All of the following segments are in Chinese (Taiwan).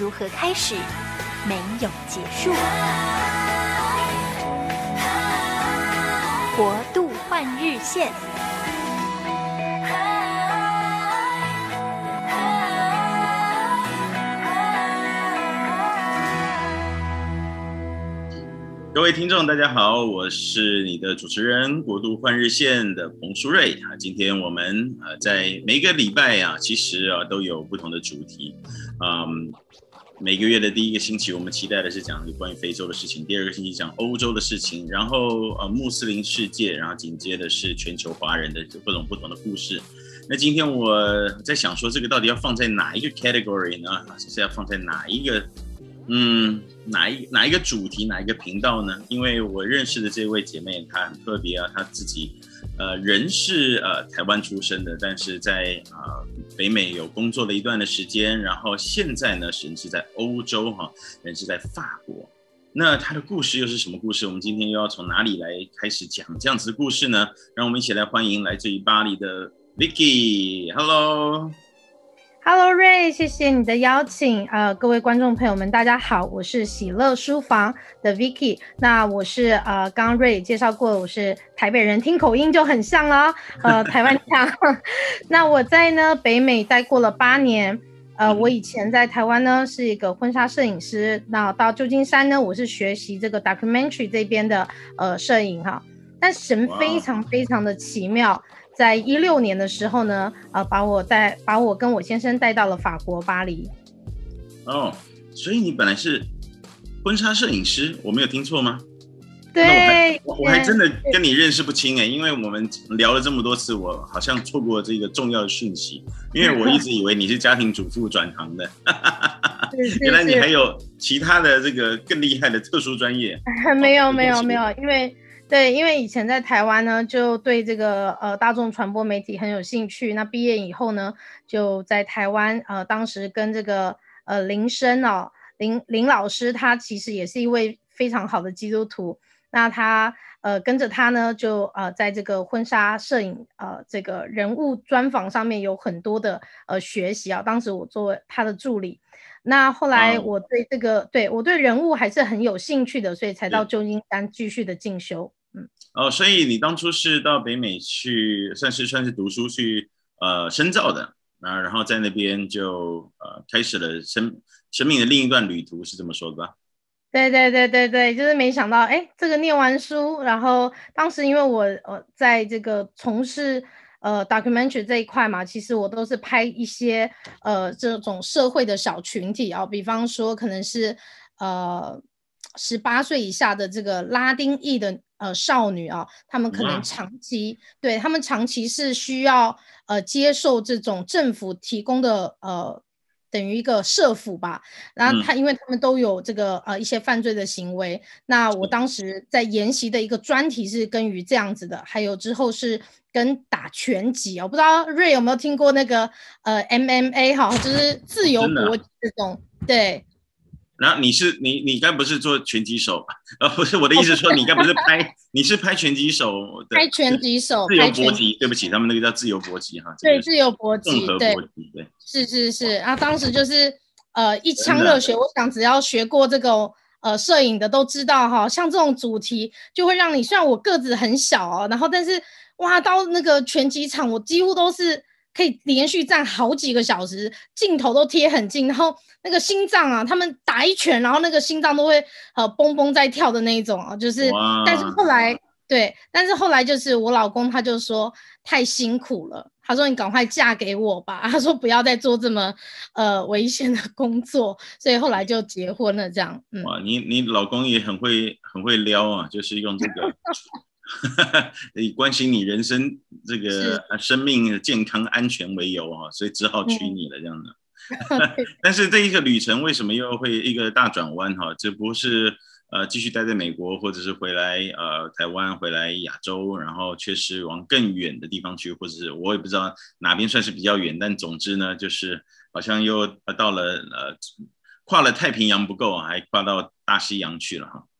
如何開始，沒有結束。國度換日線，各位聽眾，大家好，我是你的主持人國度換日線的彭書睿啊。今天我們啊，在每個禮拜啊，其實啊都有不同的主題，嗯。每個月的第一個星期，我們期待的是講有關於非洲的事情；第二個星期講歐洲的事情，然後呃穆斯林世界，然後緊接著是全球華人的各種不同的故事。那今天我在想，說這個到底要放在哪一個 category 呢？是要放在哪一個嗯哪一哪一個主題哪一個頻道呢？因為我認識的這位姐妹，她很特別啊，她自己。呃，人是呃台灣出生的，但是在啊、呃、北美有工作了一段的時間，然後現在呢，人是在歐洲哈、啊，人是在法國。那他的故事又是什麼故事？我們今天又要從哪裡來開始講這樣子的故事呢？讓我們一起來歡迎來自於巴黎的 Vicky，Hello。Hello! Hello，Ray，謝謝你的邀請。呃，各位觀眾朋友們，大家好，我是喜樂書房的 Vicky。那我是呃剛剛 Ray 介紹過，我是台北人，聽口音就很像了，呃，台灣腔。 那我在呢北美待過了八年。呃，我以前在台灣呢是一個婚紗攝影師。那到舊金山呢，我是學習這個 documentary 這邊的呃攝影哈。但神非常非常的奇妙。Wow. 在一六年的時候呢，呃，把我帶把我跟我先生帶到了法國巴黎。哦、oh,，所以你本來是婚紗攝影師，我沒有聽錯嗎？對，我還,我還真的跟你認識不清哎、欸，因為我們聊了這麼多次，我好像錯過這個重要的訊息，因為我一直以為你是家庭主婦轉行的， 對 原來你還有其他的這個更厲害的特殊專業。 沒有、oh, 沒有沒,沒有，因為。對，因為以前在台灣呢，就對這個呃大眾傳播媒體很有興趣。那畢業以後呢，就在台灣呃，當時跟這個呃林生哦林林老師，他其實也是一位非常好的基督徒。那他呃跟着他呢，就呃在這個婚紗攝影呃這個人物專訪上面有很多的呃學習啊。當時我作為他的助理，那後來我對這個、嗯、對我對人物還是很有興趣的，所以才到舊金山繼續的進修。嗯哦，所以你當初是到北美去，算是算是讀書去，呃，深造的啊，然後在那邊就呃開始了生生命的另一段旅途，是這麼說的吧？對對對對對，就是沒想到，哎，這個念完書，然後當時因為我在這個從事呃 documentary 這一塊嘛，其實我都是拍一些呃這種社會的小群體啊、哦，比方說可能是呃。十八歲以下的這個拉丁裔的呃少女啊，他們可能長期對他們長期是需要呃接受這種政府提供的呃等於一個社福吧。然後他、嗯、因為他們都有這個呃一些犯罪的行為，那我當時在研習的一個專題是跟於這樣子的，還有之後是跟打拳擊啊，我、哦、不知道瑞有沒有聽過那個呃 MMA 哈、哦，就是自由搏擊這種對。然、啊、後你是你你該不是做拳擊手吧？呃、啊，不是，我的意思是說你該不是拍， 你是拍拳擊手，對，拍拳擊手，對，自由搏擊。對不起，他們那個叫自由搏擊哈、這個。對，自由搏擊，對，是是是。然、啊、後當時就是呃一腔熱血、啊，我想只要學過這個呃攝影的都知道哈、哦，像這種主題就會讓你，雖然我個子很小哦，然後但是哇到那個拳擊場我幾乎都是。可以連續站好幾個小時，鏡頭都貼很近，然後那個心臟啊，他們打一拳，然後那個心臟都會呃嘣嘣在跳的那一種啊，就是。哇。但是後來，對，但是後來就是我老公他就說太辛苦了，他說你趕快嫁給我吧，他說不要再做這麼呃危險的工作，所以後來就結婚了，這樣、嗯。哇，你你老公也很會很會撩啊，就是用這個。 以 關心你人生這個生命健康安全為由啊，所以只好娶你了這樣的 但是這一個旅程為什麼又會一個大轉彎哈？這不是呃繼續待在美國，或者是回來呃台灣，回來亞洲，然後卻是往更遠的地方去，或者是我也不知道哪邊算是比較遠，但總之呢，就是好像又到了呃跨了太平洋不夠，還跨到大西洋去了哈、啊。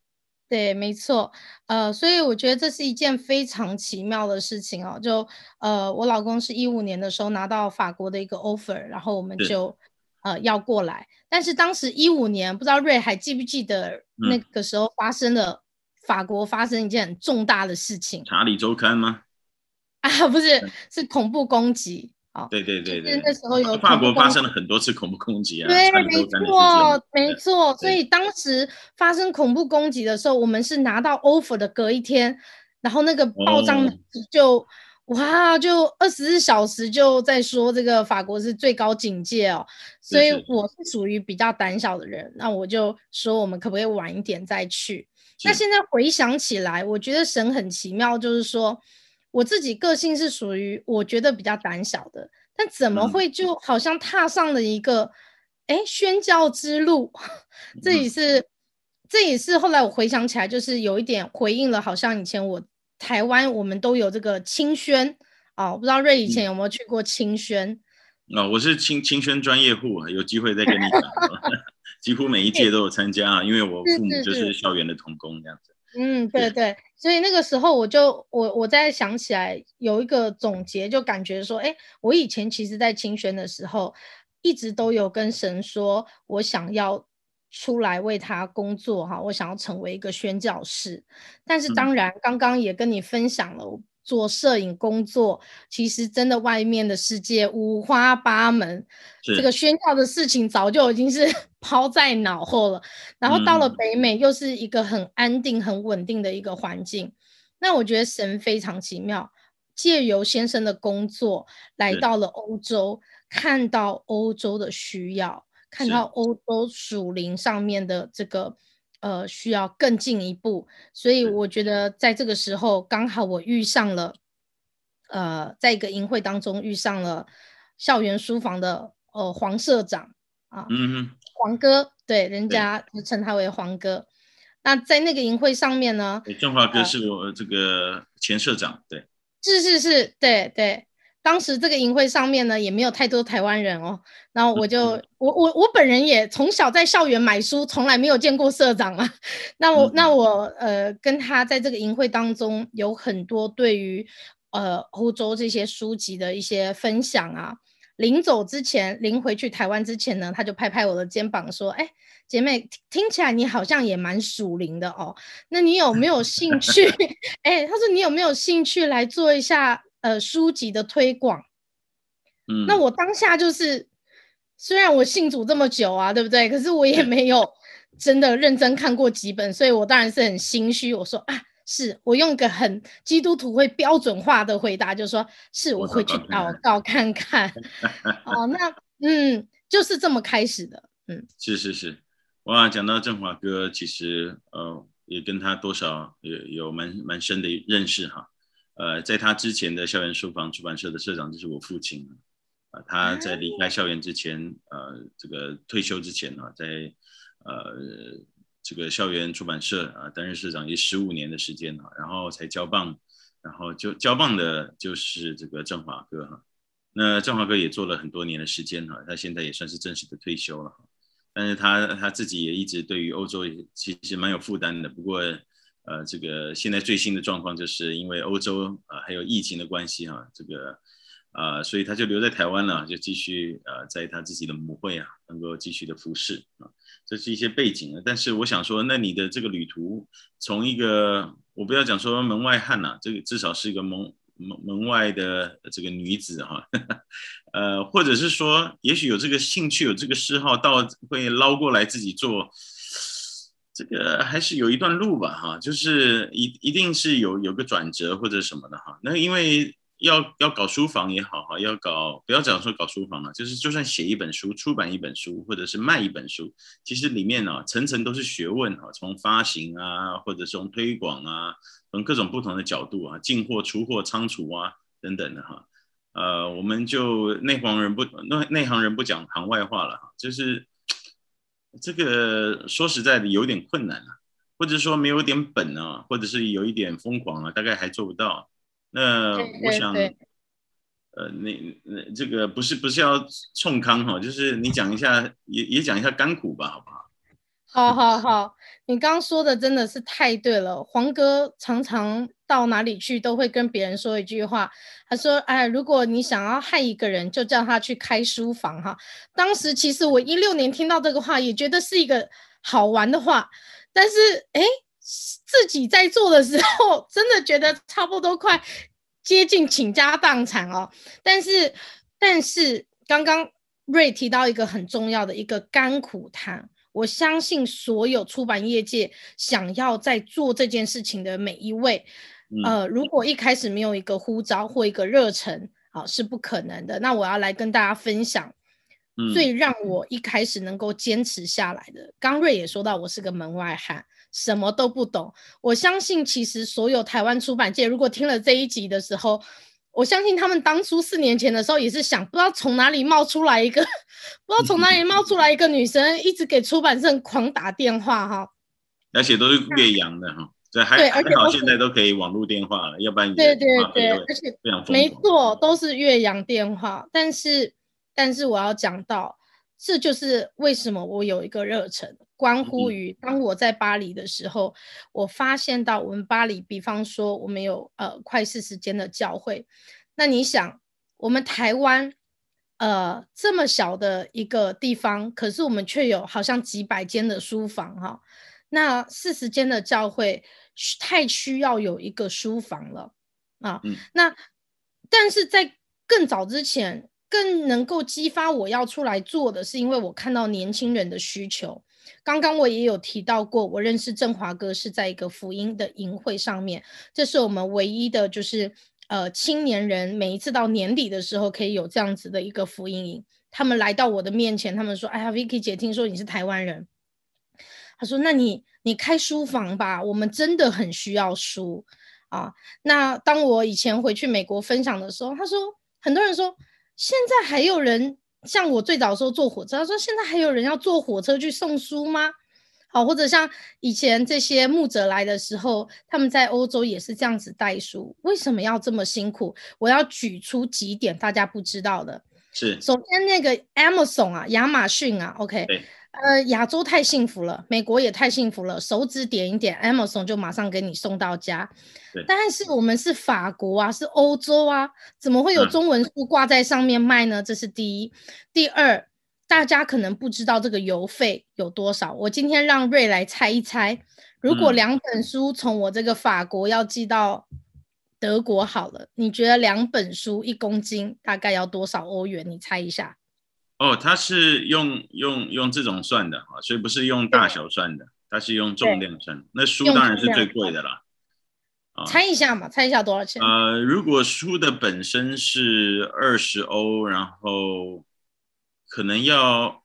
對，沒錯，呃，所以我覺得這是一件非常奇妙的事情哦。就呃，我老公是一五年的時候拿到法國的一個 offer，然後我們就呃要過來。但是當時一五年，不知道瑞還記不記得那個時候發生了、嗯、法國發生一件很重大的事情。查理周刊嗎？啊，不是，嗯、是恐怖攻擊。對對對對，就是、那時候有法國發生了很多次恐怖攻擊啊，對，沒錯沒錯，所以當時發生恐怖攻擊的時候，我們是拿到 offer 的隔一天，然後那個報章就、哦、哇，就二十四小時就在說這個法國是最高警戒哦，所以我是屬於比較膽小的人，是是，那我就說我們可不可以晚一點再去？那現在回想起來，我覺得神很奇妙，就是說。我自己個性是屬於我覺得比較膽小的，但怎麼會就好像踏上了一個哎、嗯、宣教之路？這也是這也是後來我回想起來，就是有一點回應了，好像以前我台灣我們都有這個青宣啊，我、哦、不知道瑞以前有沒有去過青宣啊？嗯哦，我是青青宣專業戶啊，有機會再跟你講， 幾乎每一屆都有參加，因為我父母就是校園的同工，是是是這樣子。嗯，對對，所以那個時候我就我我在想起來有一個總結，就感覺說，哎，我以前其實在青宣的時候，一直都有跟神說，我想要出來為他工作哈，我想要成為一個宣教士。但是當然，嗯、剛剛也跟你分享了，做攝影工作，其實真的外面的世界五花八門，這個宣教的事情早就已經是，是，拋在腦後了，然後到了北美，又是一個很安定、很穩定的一個環境，嗯。那我覺得神非常奇妙，借由先生的工作來到了歐洲，看到歐洲的需要，看到歐洲屬靈上面的這個呃需要更進一步。所以我覺得在這個時候，剛好我遇上了呃，在一個營會當中遇上了校園書房的呃黃社長啊。嗯黃哥，對，人家就稱他為黃哥。那在那個營會上面呢，振華哥是我這個前社，、呃、前社長，對，是是是，對對。當時這個營會上面呢，也沒有太多台灣人哦。然後我就，嗯、我我我本人也從小在校園買書，從來沒有見過社長啊。 那我、嗯、那我呃，跟他在這個營會當中，有很多對於呃歐洲這些書籍的一些分享啊。臨走之前，臨回去台灣之前呢，他就拍拍我的肩膀說：“哎、欸，姐妹，聽，聽起來你好像也蠻屬靈的哦，那你有沒有興趣？哎、 欸，他說你有沒有興趣來做一下呃書籍的推廣？嗯，那我當下就是，雖然我信主這麼久啊，對不對？可是我也沒有真的認真看過幾本，所以我當然是很心虛。我說啊。”是我用個很基督徒會標準化的回答，就說是說是我會去禱告看，看看。 哦，那嗯，就是這麼開始的。嗯，是是是，哇，講到振華哥，其實呃也跟他多少有有蠻蠻深的認識哈。呃，在他之前的校園書房出版社的社長就是我父親啊、呃。他在離開校園之前，哎、呃，這個退休之前、啊、在呃。這個校園出版社啊，擔任社長也十五年的時間了、啊，然後才交棒，然後就交棒的就是這個振華哥哈、啊。那振華哥也做了很多年的時間哈、啊，他現在也算是正式的退休了，但是他他自己也一直對於歐洲也其實蠻有負擔的。不過呃，這個現在最新的狀況就是因為歐洲啊，還有疫情的關係哈、啊，這個。啊、呃，所以他就留在台灣了，就繼續呃，在他自己的母會啊，能夠繼續的服侍啊，這是一些背景，但是我想說，那你的這個旅途，從一個我不要講說門外漢吶、啊，這個至少是一個門門門外的這個女子哈、啊，呃，或者是說，也許有這個興趣，有這個嗜好，到會撈過來自己做，這個還是有一段路吧哈、啊，就是一一定是有有個轉折或者什麼的哈、啊，那因為。要要搞書房也好哈，要搞不要講說搞書房了、啊，就是就算寫一本書、出版一本書，或者是賣一本書，其實裡面啊層層都是學問啊，從發行啊，或者從推廣啊，從各種不同的角度啊，進貨、啊、出貨、倉儲啊等等的、啊、哈。呃，我們就內行人不內內行人不講行外話了哈，就是這個說實在的有點困難啊，或者說沒有一點本啊，或者是有一點瘋狂啊，大概還做不到。那、呃、我想，呃、你、這個不是不是要沖康哈，就是你講一下，也也講一下甘苦吧，好不好？好，好，好，好， 你剛剛說的真的是太對了。黃哥常常到哪裡去都會跟別人說一句話，他說：“哎，如果你想要害一個人，就叫他去開書房。”哈，當時其實我一六年聽到這個話，也覺得是一個好玩的話，但是哎。自己在做的時候，真的覺得差不多快接近傾家蕩產哦。但是，但是剛剛瑞提到一個很重要的一個甘苦談，我相信所有出版業界想要在做這件事情的每一位，嗯、呃，如果一開始沒有一個呼召或一個熱忱，啊、呃，是不可能的。那我要來跟大家分享，最讓我一開始能夠堅持下來的。剛、嗯、瑞也說到，我是個門外漢。什麼都不懂，我相信其實所有台灣出版界，如果聽了這一集的時候，我相信他們當初四年前的時候也是想，不知道從哪裡冒出來一個，不知道從哪裡冒出來一個女生，一直給出版社狂打電話哈 而且都是越洋的哈、 哦，對，還好，現在都可以網絡電話了，要不然也對對對也，而且沒錯，都是越洋電話，但是但是我要講到。這就是為什麼我有一個熱忱，關乎於當我在巴黎的時候，嗯、我發現到我們巴黎，比方說我們有呃快四十間的教會，那你想我們台灣，呃這麼小的一個地方，可是我們卻有好像幾百間的書房哈、哦，那四十間的教會太需要有一個書房了啊，嗯、那但是在更早之前。更能夠激發我要出來做的是，因為我看到年輕人的需求。剛剛我也有提到過，我認識振華哥是在一個福音的營會上面，這是我們唯一的，就是呃，青年人每一次到年底的時候可以有這樣子的一個福音營。他們來到我的面前，他們說：“哎呀，Vicky 姐，聽說你是台灣人。”他說：“那你你開書房吧，我們真的很需要書啊。”那當我以前回去美國分享的時候，他說很多人說。現在還有人像我最早的時候坐火車，他說現在還有人要坐火車去送書嗎？好，或者像以前這些牧者來的時候，他們在歐洲也是這樣子帶書，為什麼要這麼辛苦？我要舉出幾點大家不知道的。是，首先那個 Amazon 啊，亞馬遜啊，OK。呃，亞洲太幸福了，美國也太幸福了，手指點一點，Amazon 就馬上給你送到家。但是我們是法國啊，是歐洲啊，怎麼會有中文書掛在上面賣呢？這是第一。嗯。第二，大家可能不知道這個郵費有多少。我今天讓瑞來猜一猜，如果兩本書從我這個法國要寄到德國，好了，你覺得兩本書一公斤大概要多少歐元？你猜一下。哦，它是用用用這種算的啊，所以不是用大小算的，它是用重量算的。那書當然是最貴的啦。啊，猜一下嘛，猜一下多少錢？呃，如果書的本身是二十歐，然後可能要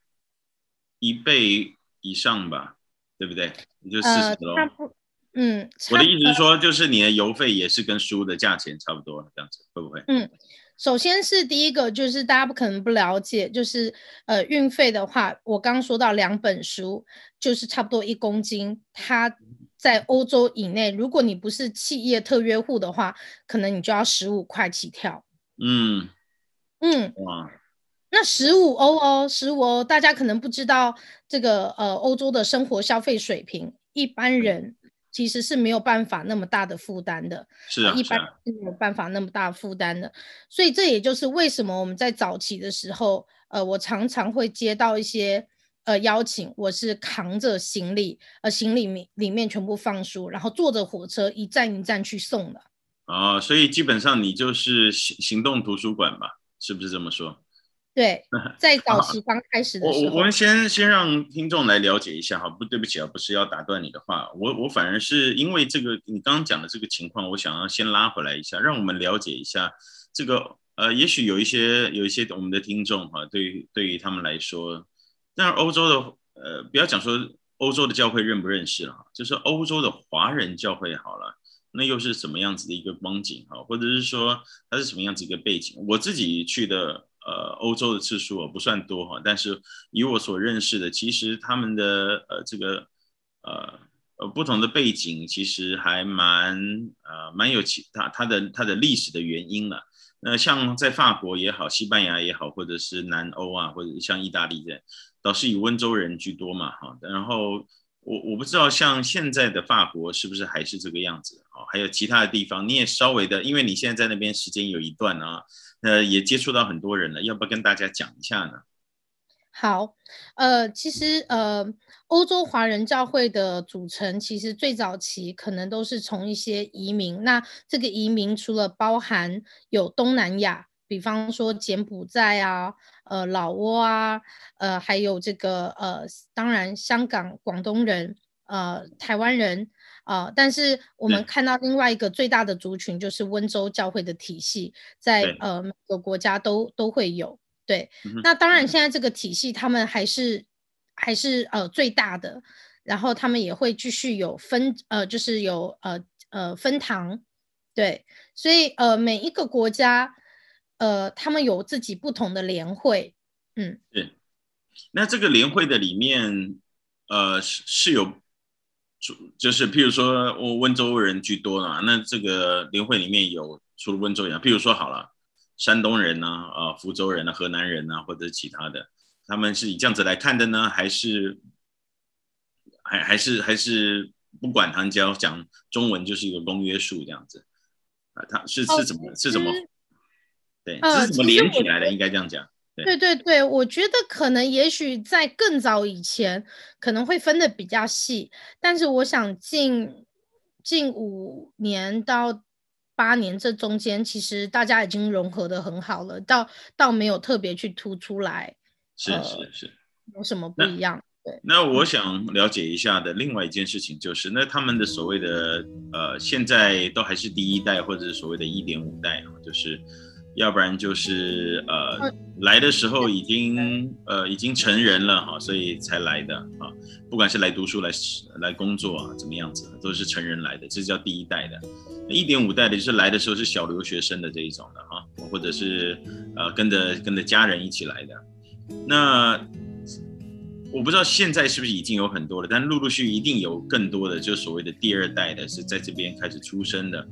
一倍以上吧，對不對？你就四十歐。呃嗯，我的意思是說就是你的郵費也是跟書的價錢差不多，這樣子會不會？嗯，首先是第一個就是大家不可能不了解，就是呃運費的話，我剛剛說到兩本書就是差不多一公斤，它在歐洲以內，如果你不是企業特約戶的話，可能你就要十五塊起跳。嗯嗯，哇，那十五歐哦，十五歐，大家可能不知道這個呃歐洲的生活消費水平，一般人。嗯其實是沒有辦法那麼大的負擔的，是啊，一般是沒有辦法那麼大的負擔的。啊，所以這也就是為什麼我們在早期的時候，呃，我常常會接到一些呃邀請，我是扛着行李，呃，行李裡裡面全部放書，然後坐着火車一站一站去送的。哦，所以基本上你就是行行動圖書館吧，是不是這麼說？對，在早期剛開始的時候，啊、我我們先先讓聽眾來了解一下哈，不對不起啊，不是要打斷你的話，我我反而是因為這個你剛剛講的這個情況，我想要先拉回來一下，讓我們了解一下這個呃，也許有一些有一些我們的聽眾哈、啊，對於對於他們來說，但是歐洲的呃，不要講說歐洲的教會認不認識了，就是歐洲的華人教會好了，那又是什麼樣子的一個光景哈，或者是說它是什麼樣子的一個背景，我自己去的。呃，歐洲的次數不算多哈，但是以我所認識的，其實他們的呃這個呃呃不同的背景，其實還蠻呃蠻有其他他的他的歷史的原因了啊。那像在法國也好，西班牙也好，或者是南歐啊，或者是像意大利人，倒是以溫州人居多嘛哈。然後我我不知道像現在的法國是不是還是這個樣子。還有其他的地方，你也稍微的，因為你現在在那邊時間有一段呢，啊，呃，也接觸到很多人了，要不要跟大家講一下呢？好，呃，其實呃，歐洲華人教會的組成，其實最早期可能都是從一些移民。那這個移民除了包含有東南亞，比方說柬埔寨啊，呃，老撾啊，呃，還有這個呃，當然香港廣東人，呃，台灣人。啊、呃，但是我們看到另外一個最大的族群就是溫州教會的體系在，在呃每個國家都都會有，對、嗯。那當然現在這個體系他們還是、嗯、還是呃最大的，然後他們也會繼續有分呃就是有呃呃分堂，對。所以呃每一個國家呃他們有自己不同的聯會，嗯。對。那這個聯會的裡面呃是是有。就是譬如說，我溫州人居多嘛，啊，那這個聯會裡面有除了溫州人，譬如說好了，山東人吶，啊，啊、呃，福州人吶，啊，河南人吶，啊，或者其他的，他們是以這樣子來看的呢，還是還還是還是不管他們只要講講中文就是一個公約數這樣子啊？他是是怎麼是怎麼對？是怎麼連起來的？應該這樣講。對，對對對，我覺得可能也許在更早以前可能會分得比較細，但是我想近近五年到八年這中間，其實大家已經融合得很好了，倒倒沒有特別去突出來。是是是，呃、有什麼不一樣？對，那我想了解一下的另外一件事情就是，那他們的所謂的呃，現在都還是第一代或者是所謂的1.5代，就是。要不然就是呃、啊、來的時候已經呃已經成人了哈，所以才來的啊。不管是來讀書來來工作啊，怎麼樣子都是成人來的，這是叫第一代的。一點五代的就是來的時候是小留學生的這一種的哈、啊，或者是呃跟着跟着家人一起來的。那我不知道現在是不是已經有很多了，但陸陸續續一定有更多的，就是所謂的第二代的是在這邊開始出生的。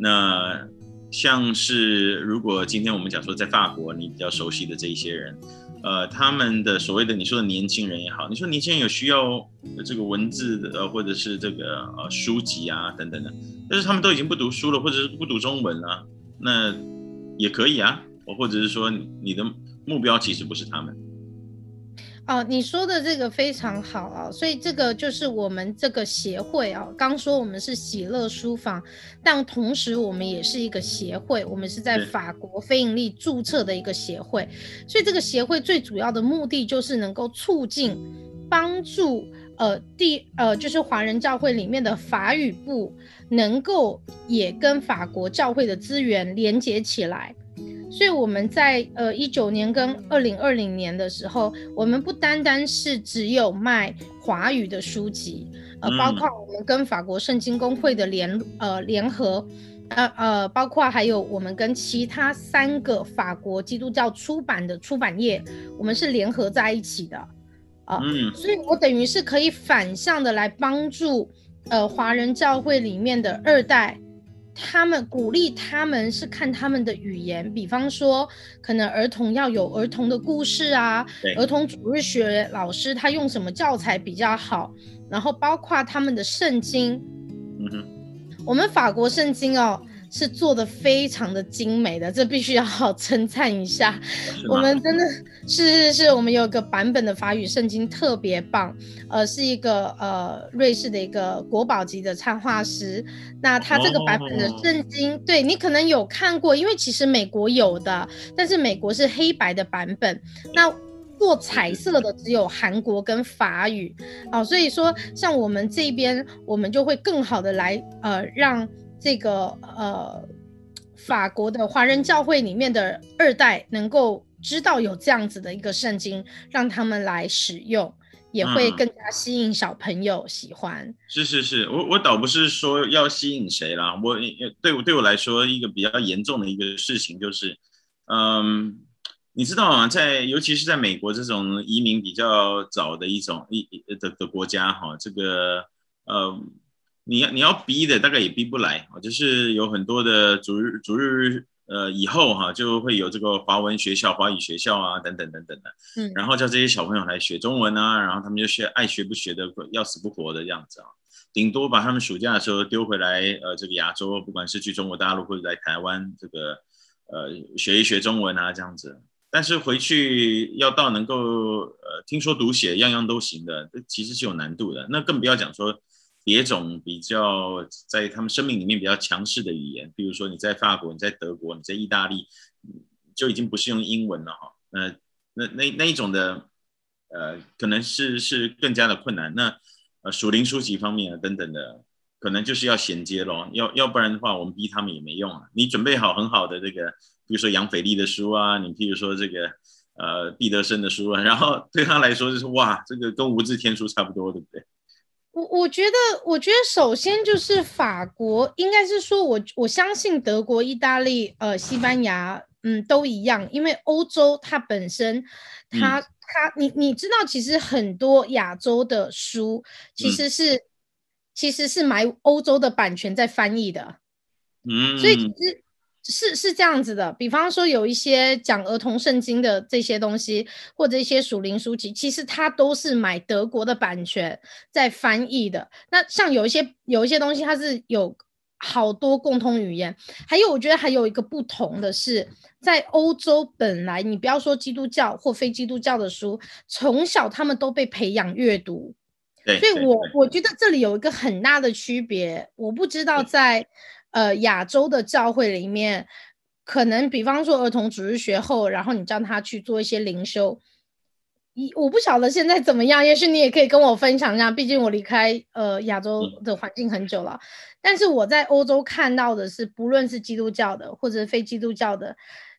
那。像是如果今天我們講說在法國你比較熟悉的這一些人，呃，他們的所謂的你說的年輕人也好，你說年輕人有需要這個文字的，或者是這個呃書籍啊等等的，但是他們都已經不讀書了或者是不讀中文了，那也可以啊，我或者是說你的目標其實不是他們。哦，你說的這個非常好啊，所以這個就是我們這個協會啊。剛說我們是喜樂書房，但同時我們也是一個協會，我們是在法國非盈利註冊的一個協會。所以這個協會最主要的目的就是能夠促進、幫助呃第呃就是華人教會裡面的法語部能夠也跟法國教會的資源連接起來。所以我們在呃一九年跟二零二零年的時候，我們不單單是只有賣華語的書籍，呃，包括我們跟法國聖經公會的聯呃聯合呃，呃，包括還有我們跟其他三個法國基督教出版的出版業，我們是聯合在一起的，啊、呃嗯，所以我等於是可以反向的來幫助呃華人教會裡面的二代。他們鼓勵他們是看他們的語言，比方說，可能兒童要有兒童的故事啊，兒童主日學老師，他用什麼教材比較好，然後包括他們的聖經，嗯哼，我們法國聖經哦。是做的非常的精美的，這必須要好稱讚一下。我們真的是是是，我們有一個版本的法語聖經特別棒，呃，是一個呃瑞士的一個國寶級的插畫師。那他這個版本的聖經，哦哦哦哦哦，對你可能有看過，因為其實美國有的，但是美國是黑白的版本。那做彩色的只有韓國跟法語，啊、呃。所以說像我們這邊，我們就會更好的來呃讓。這個呃，法國的華人教會裡面的二代能夠知道有這樣子的一個聖經，讓他們來使用，也會更加吸引小朋友喜歡。嗯，是是是，我我倒不是說要吸引誰啦，我對我對我來說一個比較嚴重的一個事情就是，嗯，你知道嗎？在尤其是在美國這種移民比較早的一種一的的的國家哈，這個嗯。你要你要逼的大概也逼不來，就是有很多的主日主日呃以後哈、啊、就會有這個華文學校、華語學校啊等等等等的，嗯，然後叫這些小朋友來學中文啊，然後他們就學愛學不學的，要死不活的樣子啊，頂多把他們暑假的時候丟回來，呃，這個亞洲不管是去中國大陸或者在台灣這個呃學一學中文啊，這樣子，但是回去要到能夠呃聽說讀寫樣樣都行的，這其實是有難度的，那更不要講說。別種比較在他們生命裡面比較強勢的語言，比如說你在法國、你在德國、你在意大利，就已經不是用英文了哈。那那那那一種的，呃，可能是是更加的困難。那呃，屬靈書籍方面啊等等的，可能就是要銜接咯，要要不然的話，我們逼他們也沒用啊。你準備好很好的這個，比如說楊腓力的書啊，你譬如說這個呃畢德生的書啊，然後對他來說就是哇，這個跟無字天書差不多，對不對？我我覺得，我覺得首先就是法國，應該是說我，我我相信德國、意大利、呃，西班牙，嗯，都一樣，因為歐洲它本身，它、嗯、它，你你知道，其實很多亞洲的書，其實是、嗯、其實是買歐洲的版權在翻譯的，嗯，所以其實。是是這樣子的，比方說有一些講兒童聖經的這些東西，或者一些屬靈書籍，其實它都是買德國的版權在翻譯的。那像有一些有一些東西，它是有好多共通語言。還有，我覺得還有一個不同的是，是在歐洲本來你不要說基督教或非基督教的書，從小他們都被培養閱讀。對對對。所以我我覺得這裡有一個很大的區別，我不知道在。對對對呃，亞洲的教會裡面，可能比方說兒童主日學後，然後你叫他去做一些靈修，一我不曉得現在怎麼樣，也許你也可以跟我分享一下，畢竟我離開呃亞洲的環境很久了。嗯、但是我在歐洲看到的是，不論是基督教的或者非基督教的，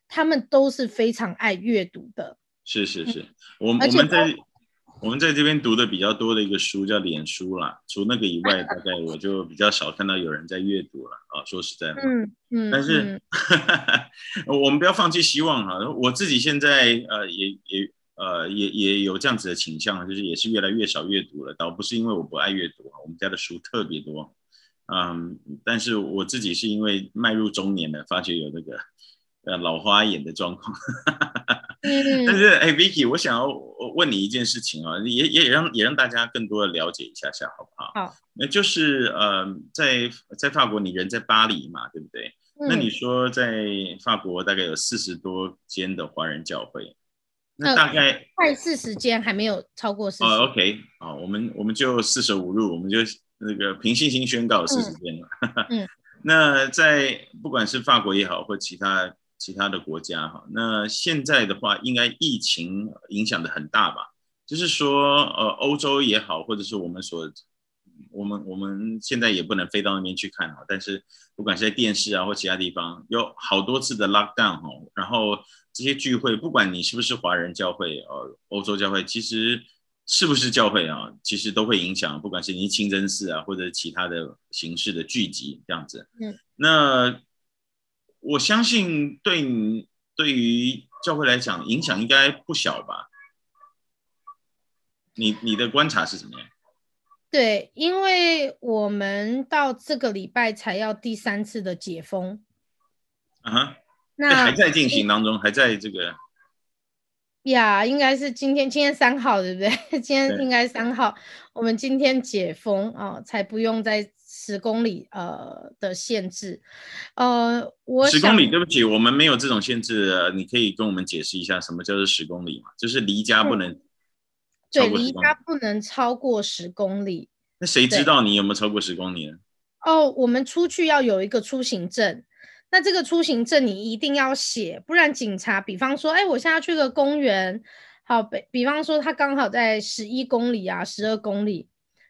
他們都是非常愛閱讀的。是是是，嗯、是是我我們在。我們在這邊讀的比較多的一個書叫《臉書》啦，除那個以外， 大概我就比較少看到有人在閱讀了啊。說實在話，嗯嗯，但是 我們不要放棄希望哈、啊。我自己現在呃也呃也呃也也有這樣子的傾向，就是也是越來越少閱讀了。倒不是因為我不愛閱讀啊，我們家的書特別多，嗯，但是我自己是因為邁入中年了，發覺有那個呃老花眼的狀況。 但是哎、欸、，Vicky，我想要問你一件事情啊、哦，也也也讓也讓大家更多的了解一下一下，好不好？好。那、呃、就是呃，在在法國，你人在巴黎嘛，對不對？嗯、那你說在法國大概有四十多間的華人教會，那大概快、呃、四十間還沒有超過四十。呃、o、okay, k 好，我們我們就四捨五入，我們就那個憑信心宣告四十間了。嗯 嗯、那在不管是法國也好，或其他。其他的國家哈，那現在的話，應該疫情影響得很大吧？就是說，呃，歐洲也好，或者是我們所，我們我們現在也不能飛到那邊去看哈。但是，不管是在電視啊，或其他地方，有好多次的 lockdown 哈，然後這些聚會，不管你是不是華人教會，呃，歐洲教會，其實是不是教會啊，其實都會影響，不管是你清真寺啊，或者其他的形式的聚集這樣子，嗯，那。我相信對你，對對於教會來講，影響應該不小吧？你你的觀察是什麼？對，因為我們到這個禮拜才要第三次的解封。啊哈。那還在進行當中，還在這個。呀、yeah，應該是今天，今天三號對不對？今天應該三號，我們今天解封啊、呃，才不用在十公里呃的限制。呃，我。十公里，對不起，我們沒有這種限制，你可以跟我們解釋一下什麼叫做十公里嘛？就是離家不能、嗯，對，離家不能超過十公里。那誰知道你有沒有超過十公里呢？哦，我們出去要有一個出行證。那這個出行證你一定要寫，不然警察，比方說，哎，我現在要去個公園，好，比比方說他剛好在十一公里啊，十二公里，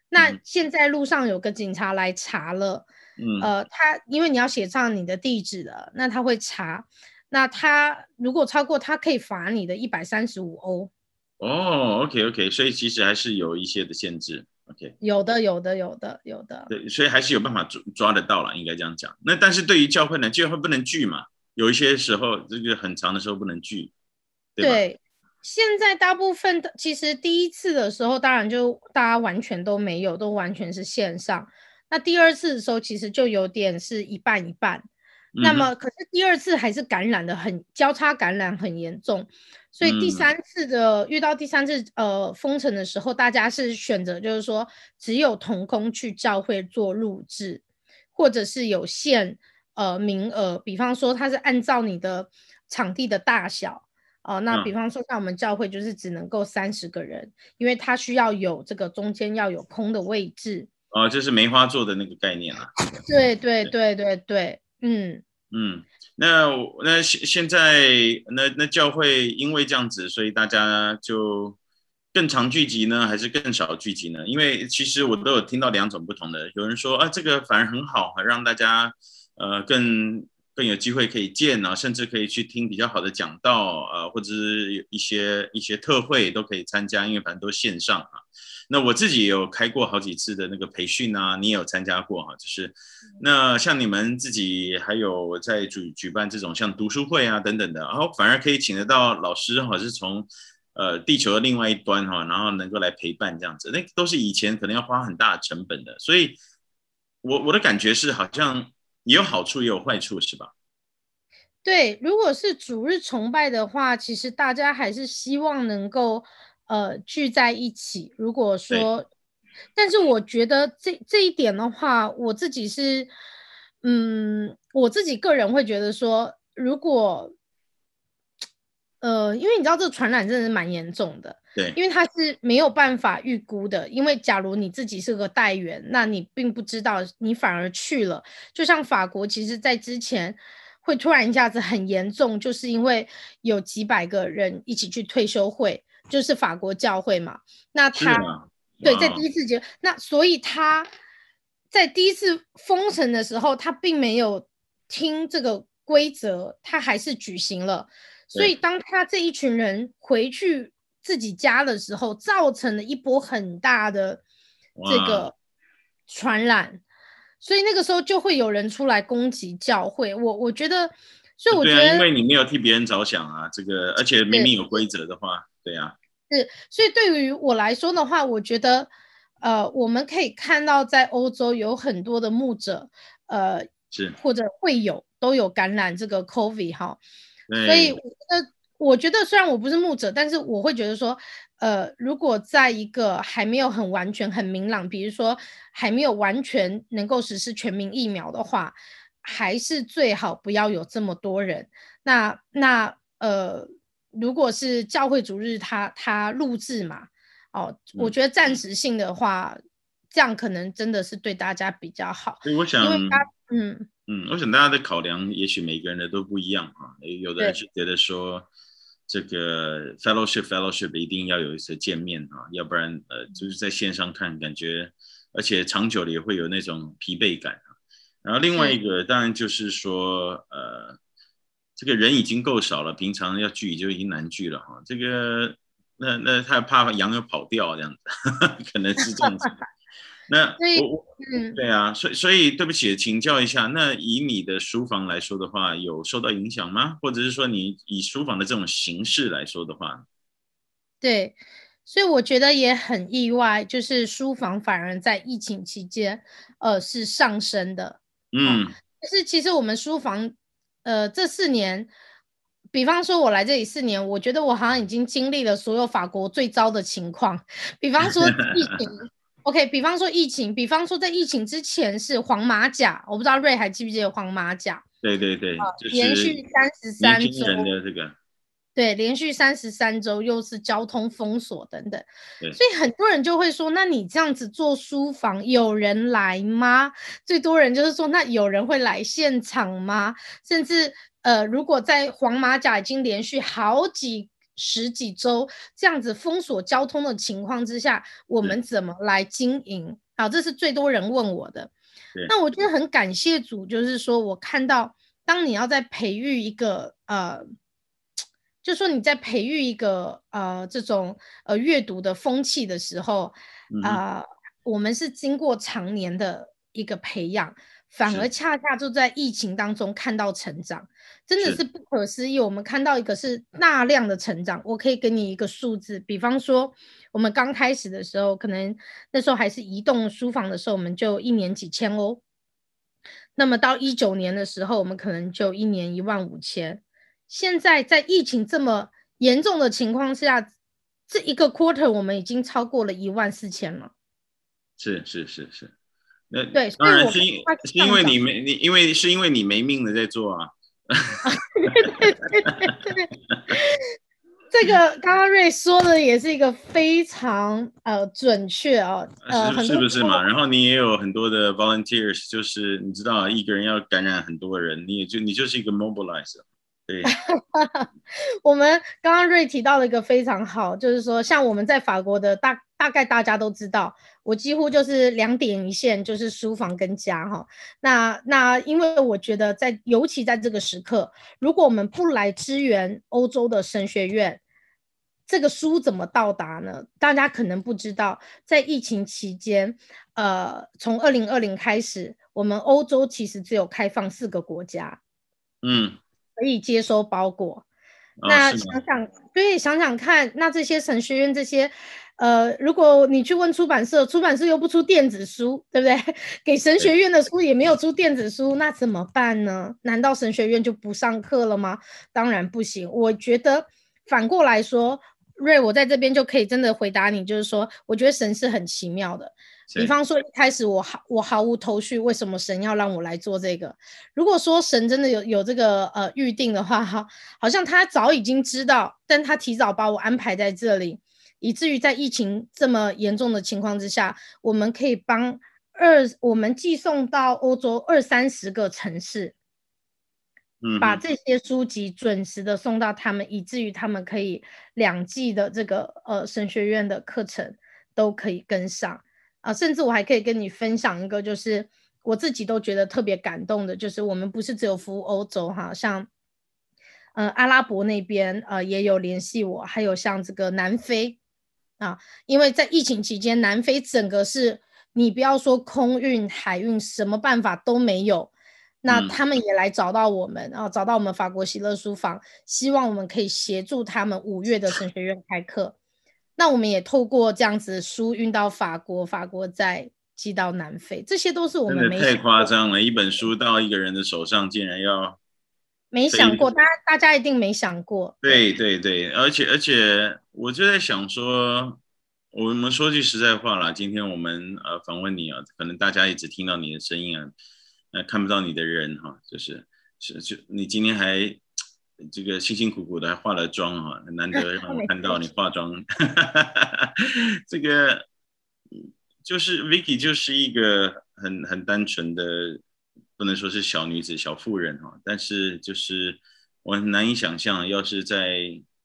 那現在路上有個警察來查了，嗯，呃，他因為你要寫上你的地址的，那他會查，那他如果超過，他可以罰你的一百三十五歐。哦，OK OK，所以其實還是有一些的限制。有的，有的，有的，有的。對，所以還是有辦法抓抓得到了，應該這樣講。那但是對於教會呢？教會不能聚嘛，有一些時候這個很長的時候不能聚，對吧？對，現在大部分的其實第一次的時候，當然就大家完全都沒有，都完全是線上。那第二次的時候，其實就有點是一半一半，嗯。那麼可是第二次還是感染的很交叉感染很嚴重。所以第三次的、嗯、遇到第三次呃封城的時候，大家是選擇就是說只有同工去教會做錄製，或者是有限呃名額，比方說他是按照你的場地的大小啊、呃，那比方說像我們教會就是只能夠三十個人、嗯，因為他需要有這個中間要有空的位置。哦，這是梅花座的那個概念啊，對對對對對、對，嗯嗯。那那現現在那那教會因為這樣子，所以大家就更常聚集呢，還是更少聚集呢？因為其實我都有聽到兩種不同的，有人說啊，這個反而很好，讓大家呃更更有機會可以見呢，甚至可以去聽比較好的講道啊、呃，或者是一些一些特會都可以參加，因為反正都線上啊。那我自己有開過好幾次的那個培訓啊，你也有參加過哈，就是那像你們自己，還有我在主舉辦這種像讀書會啊等等的，然後反而可以請得到老師哈，是從呃地球的另外一端哈，然後能夠來陪伴這樣子，那都是以前可能要花很大的成本的，所以我我的感覺是好像也有好處也有壞處是吧？對，如果是主日崇拜的話，其實大家還是希望能夠。呃，聚在一起，如果說，但是我覺得這這一點的話，我自己是，嗯，我自己個人會覺得說，如果，呃，因為你知道這個傳染真的是蠻嚴重的，對，因為它是沒有辦法預估的，因為假如你自己是個帶原，那你並不知道，你反而去了，就像法國，其實在之前會突然一下子很嚴重，就是因為有幾百個人一起去退修會。就是法國教會嘛，那他，對，在第一次結，那所以他在第一次封城的時候，他並沒有聽這個規則，他還是舉行了，所以當他這一群人回去自己家的時候，造成了一波很大的這個傳染，wow. 所以那個時候就會有人出來攻擊教會，我我覺得。所以我覺得，對啊，因為你沒有替別人着想啊，這個，而且明明有規則的話，對啊。是，所以對於我來說的話，我覺得，呃，我們可以看到在歐洲有很多的牧者，呃，是或者會有，都有感染這個 COVID 哈，所以我覺得，我覺得雖然我不是牧者，但是我會覺得說，呃，如果在一個還沒有很完全、很明朗，比如說還沒有完全能夠實施全民疫苗的話。還是最好不要有這麼多人。那那呃，如果是教會主日他，他他錄製嘛，哦，我覺得暫時性的話、嗯，這樣可能真的是對大家比較好。我想，嗯嗯，我想大家的考量，也許每個人的都不一樣啊。有的人是覺得說，這個 fellowship fellowship 一定要有一次見面啊，要不然呃，就是在線上看、嗯、感覺，而且長久了也會有那種疲憊感、啊。然後另外一個當然就是說是，呃，這個人已經夠少了，平常要聚就已經難聚了哈。這個那那他怕羊又跑掉這樣子，可能是這樣子。 那所以我我對啊，所以所以對不起，請教一下，那以你的書房來說的話，有受到影響嗎？或者是說你以書房的這種形式來說的話，對，所以我覺得也很意外，就是書房反而在疫情期間，呃，是上升的。嗯，但是其實我們書房，呃，這四年，比方說我來這裡四年，我覺得我好像已經經歷了所有法國最糟的情況，比方說疫情 ，OK，比方說疫情，比方說在疫情之前是黃馬甲，我不知道瑞還記不記得黃馬甲？對對對，呃就是這個、延續三十三周，對，連續三十三周又是交通封鎖等等，所以很多人就會說：那你這樣子做書房有人來嗎？最多人就是說：那有人會來現場嗎？甚至呃，如果在黃馬甲已經連續好幾十幾周這樣子封鎖交通的情況之下，我們怎麼來經營？好，這是最多人問我的。那我就很感謝主，就是說我看到當你要在培育一個呃。就說你在培育一個呃這種呃閱讀的風氣的時候，啊、嗯呃，我們是經過長年的一個培養，反而恰恰就在疫情當中看到成長，真的是不可思議。我們看到一個是大量的成長，我可以給你一個數字，比方說我們剛開始的時候，可能那時候還是移動書房的時候，我們就一年幾千哦，那麼到一九年的時候，我們可能就一年一萬五千。現在在疫情這麼嚴重的情況下，這一個 quarter 我們已經超過了一萬四千了。是是是是，那對，對，當然是因為是因為你沒你因為是因為你沒命的在做啊。 這個剛剛瑞說的也是一個非常呃準確啊，呃、是，不是，是不是嘛？然後你也有很多的 volunteers，就是你知道一個人要感染很多人，你也就你就是一個 mobilizer。對， 我們剛剛瑞提到了一個非常好，就是說，像我們在法國的，大大概大家都知道，我幾乎就是兩點一線，就是書房跟家哈。那那因為我覺得，在尤其在這個時刻，如果我們不來支援歐洲的神學院，這個書怎麼到達呢？大家可能不知道，在疫情期間，呃，從二零二零開始，我們歐洲其實只有開放四個國家。嗯。可以接收包裹，那想想、哦，對，想想看，那這些神學院這些，呃，如果你去問出版社，出版社又不出電子書，對不對？給神學院的書也沒有出電子書，那怎麼辦呢？難道神學院就不上課了嗎？當然不行。我覺得反過來說，瑞，我在這邊就可以真的回答你，就是說，我覺得神是很奇妙的。比方說，一開始我毫我毫無頭緒，為什麼神要讓我來做這個？如果說神真的有有這個呃預定的話，哈，好像他早已經知道，但他提早把我安排在這裡，以至於在疫情這麼嚴重的情況之下，我們可以幫二我們寄送到歐洲二三十個城市，嗯，把這些書籍準時的送到他們，以至於他們可以兩季的這個呃神學院的課程都可以跟上。啊，甚至我還可以跟你分享一個，就是我自己都覺得特別感動的，就是我們不是只有服務歐洲哈，啊，像，呃，阿拉伯那邊呃也有聯繫我，還有像這個南非，啊，因為在疫情期間，南非整個是，你不要說空運、海運，什麼辦法都沒有，那他們也來找到我們，啊，找到我們法國喜樂書房，希望我們可以協助他們五月的神學院開課。那我們也透過這樣子書運到法國，法國再寄到南非，這些都是我們沒想過。太誇張了，一本書到一個人的手上竟然要。沒想過，大家大家一定沒想過。對對對，而且而且，我就在想說，我們說句實在話啦，今天我們呃訪問你啊，可能大家一直聽到你的聲音啊，那，呃，看不到你的人哈，啊，就是是就你今天還。這個辛辛苦苦的還化了妝啊，很難得讓我看到你化妝。 這個就是 Vicky，就是一個很很單純的，不能說是小女子、小婦人哈、啊。但是就是我很難以想象，要是在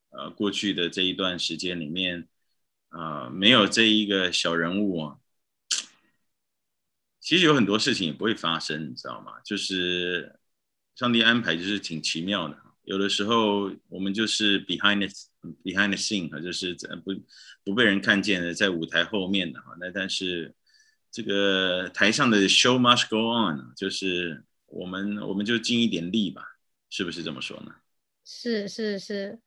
呃過去的這一段時間裡面啊、呃，沒有這一個小人物啊，其實有很多事情也不會發生，你知道嗎？就是上帝安排，就是挺奇妙的。有的時候我們就是 behind the scene, behind the scene 啊，就是不不被人看見的，在舞台後面的哈。那但是這個台上的 show must go on，就是我們我們就盡一點力吧，是不是這麼說呢？是是是，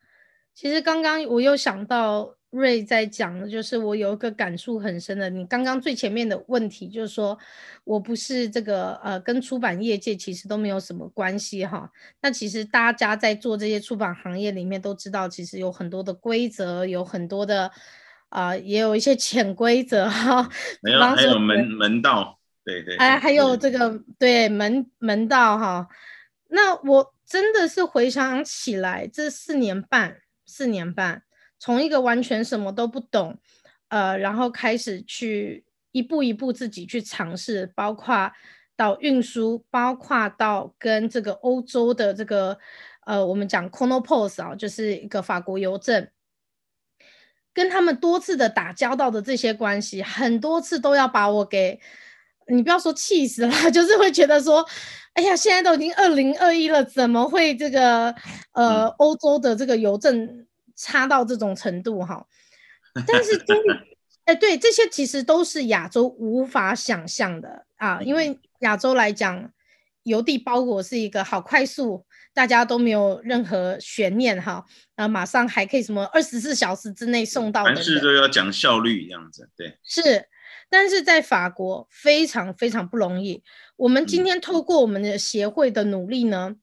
其實剛剛我又想到。瑞在講的就是我有一個感觸很深的，你剛剛最前面的問題就是說，我不是這個呃，跟出版業界其實都沒有什麼關係哈。那其實大家在做這些出版行業裡面都知道，其實有很多的規則，有很多的啊、呃，也有一些潛規則哈。沒有，還有門門道，對對。還還有這個對，對門門道哈。那我真的是回想起來這四年半，四年半。從一個完全什麼都不懂，呃，然後開始去一步一步自己去嘗試，包括到運輸，包括到跟這個歐洲的這個呃，我們講 Chronopost 啊、哦，就是一個法國郵政，跟他們多次的打交道的這些關係，很多次都要把我給，你不要說氣死了，就是會覺得說，哎呀，現在都已經二零二一了，怎麼會這個呃歐洲的這個郵政？差到這種程度哈，但是真，哎、 欸、對，這些其實都是亞洲無法想象的啊，因為亞洲來講，郵遞包裹是一個好快速，大家都沒有任何懸念哈，啊，馬上還可以什麼二十四小時之內送到，凡事都要講效率這樣子，對，是，但是在法國非常非常不容易，我們今天透過我們的協會的努力呢。嗯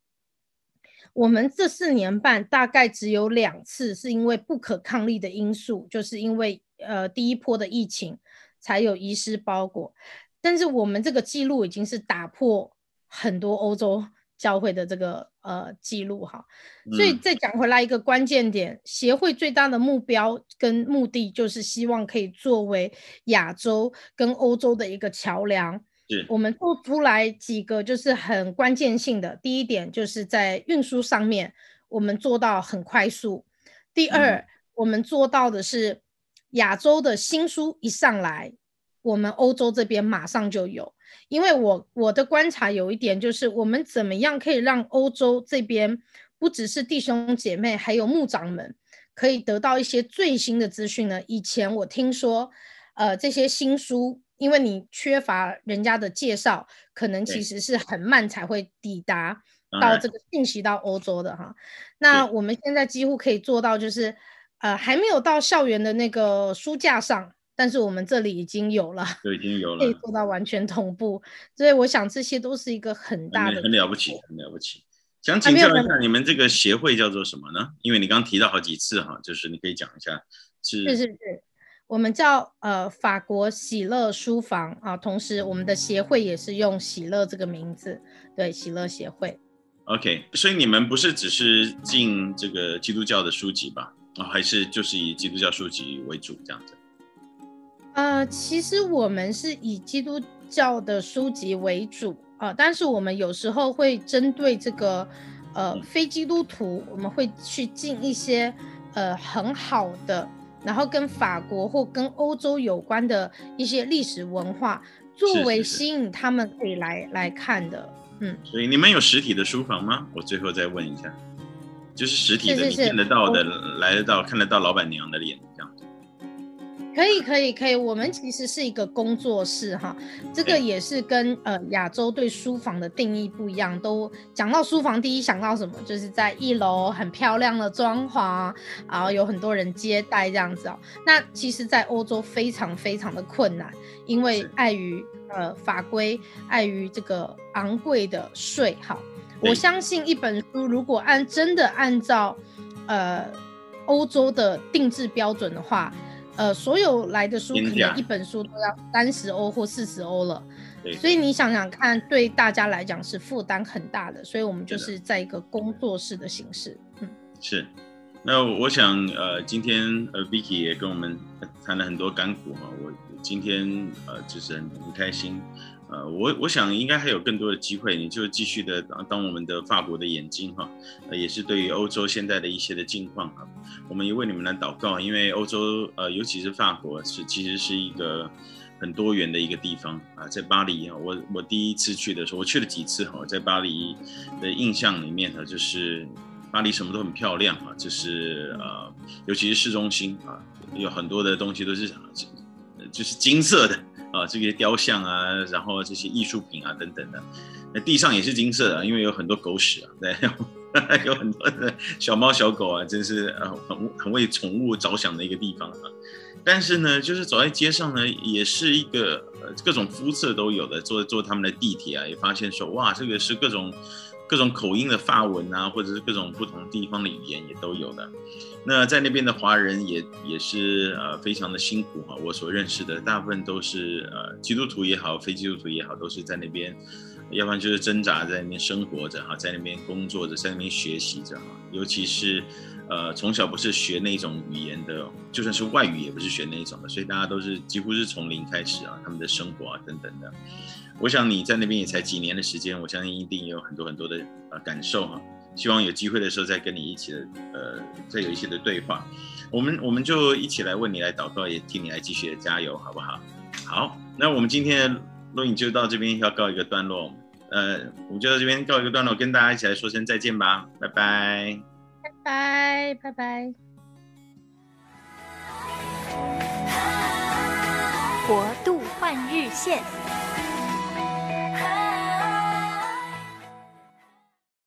我們這四年半大概只有兩次是因為不可抗力的因素，就是因為呃第一波的疫情才有遺失包裹，但是我們這個記錄已經是打破很多歐洲教會的這個呃記錄哈，所以再講回來一個關鍵點，嗯，協會最大的目標跟目的就是希望可以作為亞洲跟歐洲的一個橋樑。我們做出來幾個就是很關鍵性的。第一點就是在運輸上面，我們做到很快速。第二，嗯，我們做到的是亞洲的新書一上來，我們歐洲這邊馬上就有。因為我我的觀察有一點就是，我們怎麼樣可以讓歐洲這邊不只是弟兄姐妹，還有牧長們可以得到一些最新的資訊呢？以前我聽說，呃，這些新書。因為你缺乏人家的介紹，可能其實是很慢才會抵達到這個信息到歐洲的哈。那我們現在幾乎可以做到，就是呃還沒有到校園的那個書架上，但是我們這裡已經有了，就已經有了，可以做到完全同步。所以我想這些都是一個很大的。很了不起，很了不起。想請教一下，你們這個協會叫做什麼呢？因為你剛剛提到好幾次哈，就是你可以講一下，是是是是。我們叫呃法國喜樂書房啊，同時我們的協會也是用喜樂這個名字，對喜樂協會。OK，所以你們不是只是進這個基督教的書籍吧？啊、哦，還是就是以基督教書籍為主這樣子？呃，其實我們是以基督教的書籍為主啊，但是我們有時候會針對這個呃非基督徒，我們會去進一些呃很好的。然後跟法國或跟歐洲有關的一些歷史文化，作為吸引他們可以來是是是來看的，嗯。所以你們有實體的書房嗎？我最後再問一下，就是實體的，是是是你看得到的，來得到看得到老闆娘的臉這樣。可以可以可以，我們其實是一個工作室哈，這個也是跟呃亞洲對書房的定義不一樣。都講到書房，第一想到什麼，就是在一樓很漂亮的裝潢，然後有很多人接待這樣子哦，那其實，在歐洲非常非常的困難，因為礙於呃法規，礙於這個昂貴的稅哈。我相信一本書如果按真的按照呃歐洲的定制標準的話。呃、所有來的書可能一本書都要三十歐或四十歐了，所以你想想看，對大家來講是負擔很大的，所以我們就是在一個工作室的形式。嗯、是。那我想，呃、今天 Vicky 也跟我們談了很多乾貨嘛，我今天呃、就是很開心。呃，我我想應該還有更多的機會，你就繼續的當我們的法國的眼睛哈、啊，呃，也是對於歐洲現在的一些的近況啊，我們也為你們來禱告，因為歐洲呃，尤其是法國是其實是一個很多元的一個地方啊，在巴黎啊，我我第一次去的時候，我去了幾次哈、啊，在巴黎的印象裡面呢、啊，就是巴黎什麼都很漂亮啊，就是呃，尤其是市中心啊，有很多的東西都是、呃、就是金色的。啊，這些雕像啊，然後這些藝術品啊，等等的，那地上也是金色的啊，因為有很多狗屎啊，對，有很多的小貓小狗啊，真是很很為寵物着想的一個地方啊。但是呢，就是走在街上呢，也是一個各種膚色都有的。坐坐他們的地鐵啊，也發現說，哇，這個是各種。各種口音的法文啊，或者是各種不同地方的語言也都有的。那在那邊的華人也也是呃非常的辛苦哈。我所認識的大部分都是呃基督徒也好，非基督徒也好，都是在那邊，要不然就是掙扎在那邊生活着哈，在那邊工作着，在那邊學習着哈。尤其是呃從小不是學那種語言的，就算是外語也不是學那一種的，所以大家都是幾乎是從零開始啊，他們的生活啊等等的。我想你在那邊也才幾年的時間，我相信一定也有很多很多的，呃，感受哈，啊。希望有機會的時候再跟你一起的，呃，再有一些的對話。我們我們就一起來為你來禱告，也替你來繼續的加油，好不好？好，那我們今天錄影就到這邊要告一個段落，呃，我們就到這邊告一個段落，跟大家一起來說聲再見吧，拜拜，拜拜，拜拜，國度換日線。